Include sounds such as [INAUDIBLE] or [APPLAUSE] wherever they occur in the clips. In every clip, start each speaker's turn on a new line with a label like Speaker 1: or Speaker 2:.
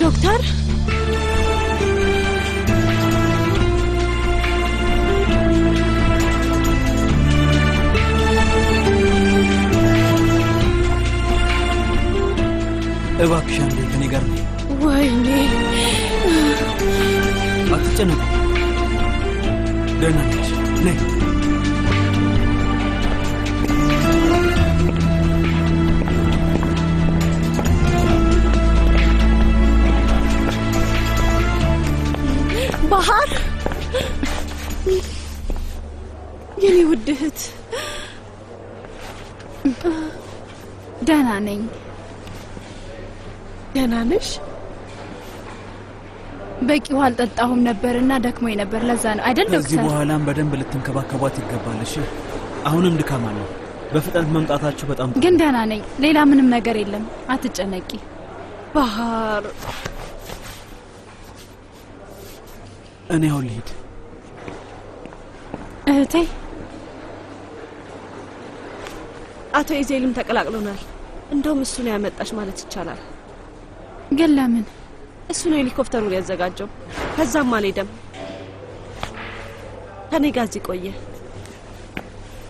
Speaker 1: ዶክተር
Speaker 2: እባክሽ አንዴ ከኔ ጋር ነው። ወይኔ አትጨነቂ፣ ደህና ነች።
Speaker 3: ነይ
Speaker 1: ባህር የኔ ውድ እህት ደህና ነኝ። ደህና ነሽ?
Speaker 4: በቂ ውሃ አልጠጣሁም ነበርና ደክሞ ነበር። ለዛ ነው አይደል ዶክተር?
Speaker 2: ከዚህ በኋላም በደንብ ልትንከባከቧት ይገባል። አሁንም ድካማ ነው። በፍጥነት መምጣታችሁ በጣም
Speaker 4: ግን ደህና ነኝ። ሌላ ምንም ነገር የለም። አትጨነቂ
Speaker 1: ባህር
Speaker 2: እኔ አሁን ልሂድ
Speaker 4: እህቴ። አቶ ኢዜልም ተቀላቅሎናል። እንደውም እሱ ነው ያመጣሽ ማለት ይቻላል። ግን ለምን? እሱ ነው ሄሊኮፕተሩን ያዘጋጀው። ከዛም አልሄደም። ከኔ ጋር እዚህ ቆየ።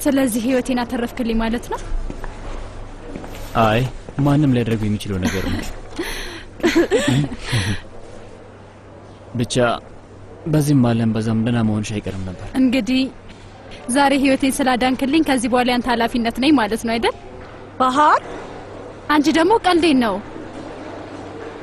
Speaker 4: ስለዚህ ህይወቴን አተረፍክልኝ ማለት ነው?
Speaker 2: አይ ማንም ሊያደርገው የሚችለው ነገር ነው [LAUGHS] ብቻ በዚህም ባለን በዛም ደህና መሆንሽ አይቀርም ነበር።
Speaker 4: እንግዲህ ዛሬ ህይወቴን ስላዳንክልኝ ከዚህ በኋላ ያንተ ኃላፊነት ነኝ ማለት ነው አይደል? ባህር አንቺ ደግሞ ቀልዴን ነው